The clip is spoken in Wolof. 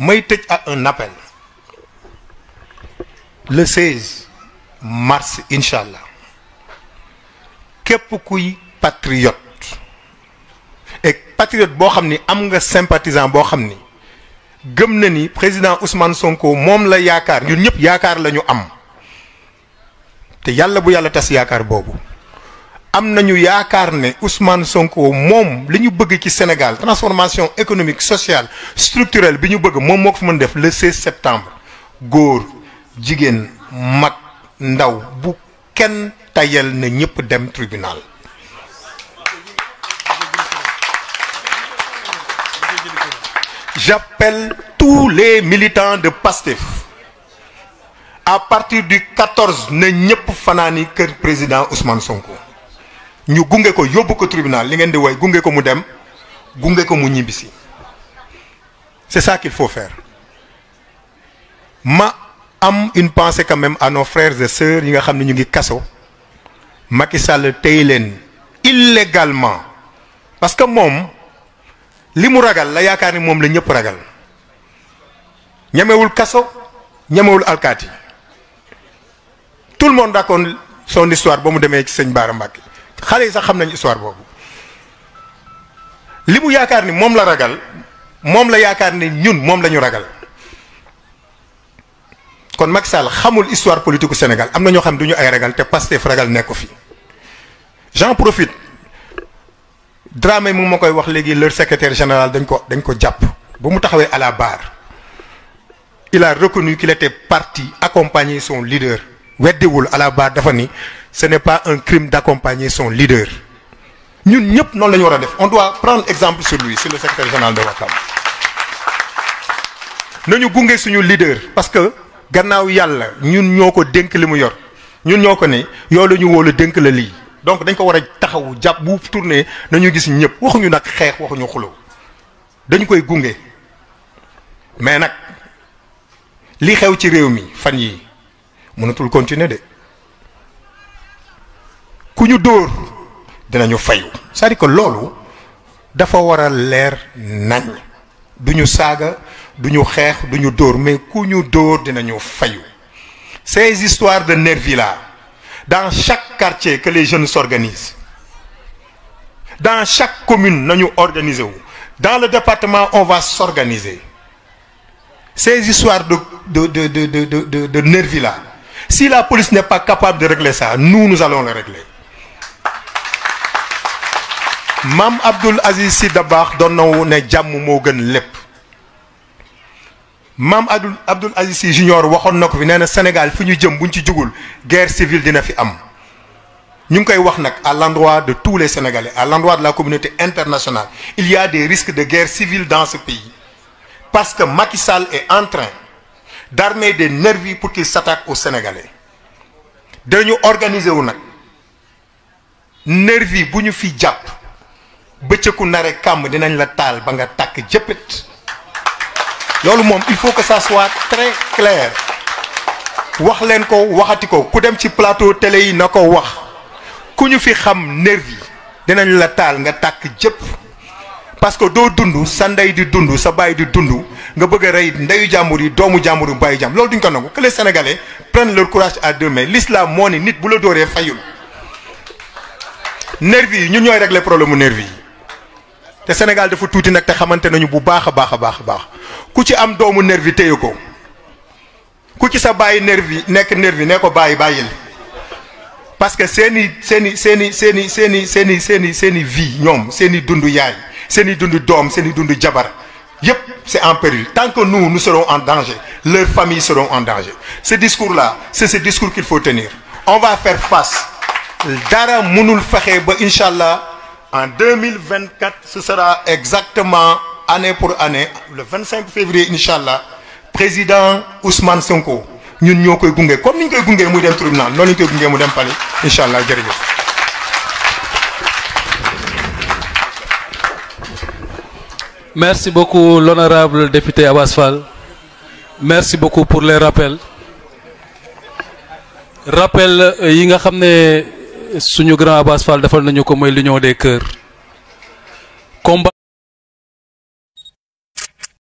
may a un appel le 16 mars incha allah képp kuy patriote et patriote boo xam ni am nga sympathisant boo xam ni gëm ni président Ousmane Sonko mom la yakar, ñun ñëpp yaakaar la ñu am te yàlla bu yàlla tas yaakaar boobu amnañu nañu Ousmane Sonko Mom, liñu bëgg ci Sénégal transformation économique sociale structurelle mon bëgg mom le 16 septembre Gour, Jigen, mag ndaw bu kenn tayal ñëpp dem tribunal. J'appelle tous les militants de PASTEF à partir du 14 de ñëpp que le président Ousmane Sonko ñu gungé ko yóbbu ko tribunal li ngeen di way gungé ko mu dem gungé ko mu ñibisi c'est ça qu'il faut faire ma am une pensée quand même à nos frères et sœurs yi nga xamni ñu ngi kaso Macky Sall tey leen illégalement parce que mom limu ragal la yaakaar ni moom la ñëpp ragal ñemewul kaso ñemewul alkaati tout le monde d'accord son histoire ba mu demee ci sëñ Baara Mbacke xale yi sax xam histoire bobu limu yaakar ni mom la ragal mom la yaakar ni ñun mom la ragal kon Macky Sall xamul histoire politique du Sénégal amna na ñoo xam duñu ay ragal té Pastef ragal nekku fi j'en profite Dramé mu makoy wax légui leur secrétaire général dañ ko dañ ko japp bu mu taxawé à la barre il a reconnu qu'il était parti accompagner son leader weddiwul à la barre dafa ni ce n'est pas un crime d'accompagner son leader. Nous, on doit prendre exemple sur lui, c'est le secrétaire général de Wakam. Nous sommes les leader parce que gannaaw yàlla ñun ñoo ko dénk sommes Nous, ne yow les nous donc dañ ko Nous sommes bu Nous nañu gis waxuñu sommes waxuñu nous sommes mais nak li xew Nous, sommes mi fan de kuñu dinañu fayu c'est-à-dire que loolu dafa war a leer nañ duñu nous saaga du ñu xeex mais kuñu ñu dinañu fayu ces histoires de nervis là dans chaque quartier que les jeunes s'organisent dans chaque commune nañu organiser dans le département on va s'organiser ces histoires de de de de de de de là si la police n'est pas capable de régler ça nous nous allons le régler Mme Abdul Aziz Sy Dabakh doon ne jamm mo gën lepp Abdul Abdul Aziz junior waxon nako fi Sénégal Il jëm buñ guerre civile dina fi am ñung koy wax à l'endroit de tous les Sénégalais à l'endroit de la communauté internationale il y a des risques de guerre civile dans ce pays parce que Macky Sall est en train d'armer des nervis pour qu'ils s'attaquent aux Sénégalais dañu organiser wu Nervis nervi bu fi jàpp bëccëku naré kàmm dinañ la taal ba nga tak jëppit loolu mom il faut que ça soit très clair wax len ko waxati ko ku dem ci plateau télé yi nako wax ku ñu fi xam nervi dinañ la taal nga tak jëpp parce que do dund sa ndey di dund sa baay di dund nga bëgg a rey ndeyu jàmbur doomu jàmbur yi jam lolou duñ ko nangu que les sénégalais prennent leur courage à deux mains l'islam moni nit bu la dóoree fayul nervi yi ñun ñooy régler problème nervi le Sénégal dafa tuuti nag te xamante nañu bu baax a baax a baax a baax ku ci am doomu nervi téye ko ku ci sa bàyyi nervi nek nervi ne ko bayil. parce que c'est ni c'est ni c'est ni c'est ni vie ñom seeni dundu yaay seeni dundu dom seeni dundu jabar yépp c'est en péril tant que nous nous serons en danger leurs familles seront en danger ce discours là c'est ce discours qu'il faut tenir on va faire face dara mënul fexe ba inshallah en 2024, ce sera exactement année pour année, le 25 février, Inch'Allah, président Ousmane Sonko. Nous sommes tous les Comme nous sommes tous les tribunal, nous sommes tous les palais. Inch'Allah, Merci beaucoup, l'honorable député Abbasfal. Merci beaucoup pour les rappels. Rappel, euh, suñu grand Abass Fall defal nañu ko mooy l'union des cœurs combat